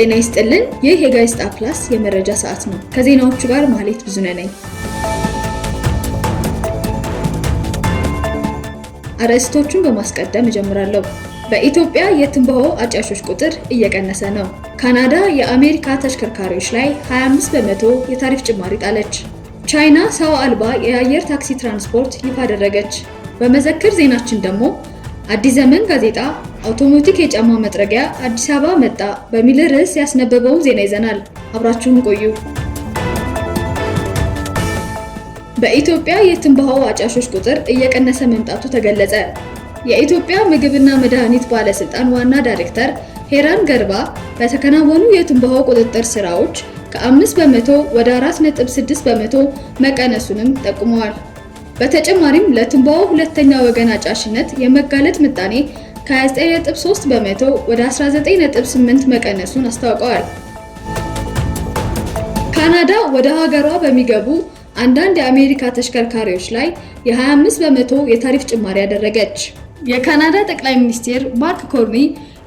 ጤና ይስጥልን። ይህ የጋዜጣ ፕላስ የመረጃ ሰዓት ነው። ከዜናዎቹ ጋር ማህሌት ብዙነህ ነኝ። አርዕስቶቹን በማስቀደም እጀምራለሁ። በኢትዮጵያ የትንባሆ አጫሾች ቁጥር እየቀነሰ ነው። ካናዳ የአሜሪካ ተሽከርካሪዎች ላይ 25 በመቶ የታሪፍ ጭማሪ ጣለች። ቻይና ሰው አልባ የአየር ታክሲ ትራንስፖርት ይፋ አደረገች። በመዘክር ዜናችን ደግሞ አዲስ ዘመን ጋዜጣ አውቶሞቲክ የጫማ መጥረጊያ አዲስ አበባ መጣ በሚል ርዕስ ያስነበበውን ዜና ይዘናል። አብራችሁን ቆዩ። በኢትዮጵያ የትንባሆ አጫሾች ቁጥር እየቀነሰ መምጣቱ ተገለጸ። የኢትዮጵያ ምግብና መድኃኒት ባለስልጣን ዋና ዳይሬክተር ሄራን ገርባ በተከናወኑ የትንባሆ ቁጥጥር ስራዎች ከ5 በመቶ ወደ 4.6 በመቶ መቀነሱንም ጠቁመዋል። በተጨማሪም ለትንባሆ ሁለተኛ ወገን አጫሽነት የመጋለጥ ምጣኔ ከ29.3 በመቶ ወደ 19.8 መቀነሱን አስታውቀዋል። ካናዳ ወደ ሀገሯ በሚገቡ አንዳንድ የአሜሪካ ተሽከርካሪዎች ላይ የ25 በመቶ የታሪፍ ጭማሪ አደረገች። የካናዳ ጠቅላይ ሚኒስትር ማርክ ኮርኒ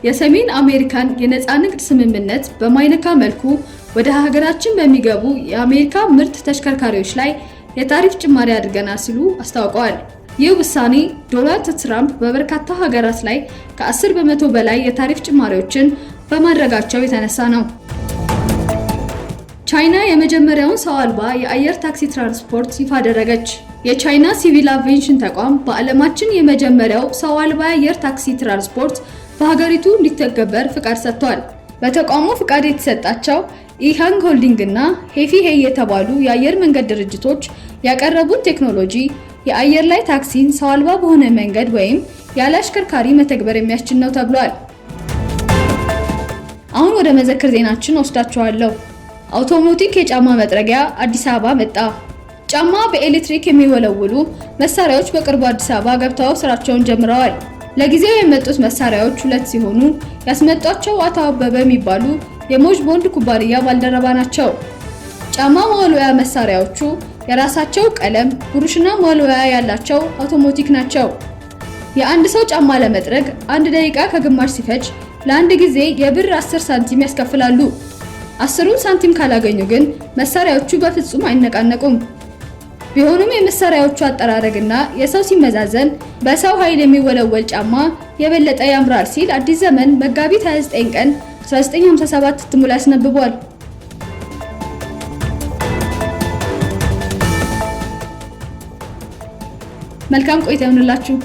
የሰሜን አሜሪካን የነፃ ንግድ ስምምነት በማይነካ መልኩ ወደ ሀገራችን በሚገቡ የአሜሪካ ምርት ተሽከርካሪዎች ላይ የታሪፍ ጭማሪ አድርገናል ሲሉ አስታውቀዋል። ይህ ውሳኔ ዶናልድ ትራምፕ በበርካታ ሀገራት ላይ ከ10 በመቶ በላይ የታሪፍ ጭማሪዎችን በማድረጋቸው የተነሳ ነው። ቻይና የመጀመሪያውን ሰው አልባ የአየር ታክሲ ትራንስፖርት ይፋ አደረገች። የቻይና ሲቪል አቬንሽን ተቋም በዓለማችን የመጀመሪያው ሰው አልባ የአየር ታክሲ ትራንስፖርት በሀገሪቱ እንዲተገበር ፍቃድ ሰጥቷል። በተቋሙ ፍቃድ የተሰጣቸው ኢሃንግ ሆልዲንግ እና ሄፊ ሄይ የተባሉ የአየር መንገድ ድርጅቶች ያቀረቡት ቴክኖሎጂ የአየር ላይ ታክሲን ሰው አልባ በሆነ መንገድ ወይም ያለ አሽከርካሪ መተግበር የሚያስችል ነው ተብሏል። አሁን ወደ መዘክር ዜናችን ወስዳችኋለሁ። አውቶሞቲክ የጫማ መጥረጊያ አዲስ አበባ መጣ። ጫማ በኤሌክትሪክ የሚወለውሉ መሳሪያዎች በቅርቡ አዲስ አበባ ገብተው ስራቸውን ጀምረዋል። ለጊዜው የመጡት መሳሪያዎች ሁለት ሲሆኑ ያስመጧቸው አቶ አበበ የሚባሉ የሞጅ ቦንድ ኩባንያ ባልደረባ ናቸው። ጫማ መወልወያ መሳሪያዎቹ የራሳቸው ቀለም፣ ብሩሽና መወልወያ ያላቸው አውቶማቲክ ናቸው። የአንድ ሰው ጫማ ለመጥረግ አንድ ደቂቃ ከግማሽ ሲፈጅ ለአንድ ጊዜ የብር 10 ሳንቲም ያስከፍላሉ። አስሩን ሳንቲም ካላገኙ ግን መሳሪያዎቹ በፍጹም አይነቃነቁም። ቢሆኑም የመሳሪያዎቹ አጠራረግና የሰው ሲመዛዘን በሰው ኃይል የሚወለወል ጫማ የበለጠ ያምራል ሲል አዲስ ዘመን መጋቢት 29 ቀን 1957 እትሙ ላይ አስነብቧል። መልካም ቆይታ ይሆንላችሁ።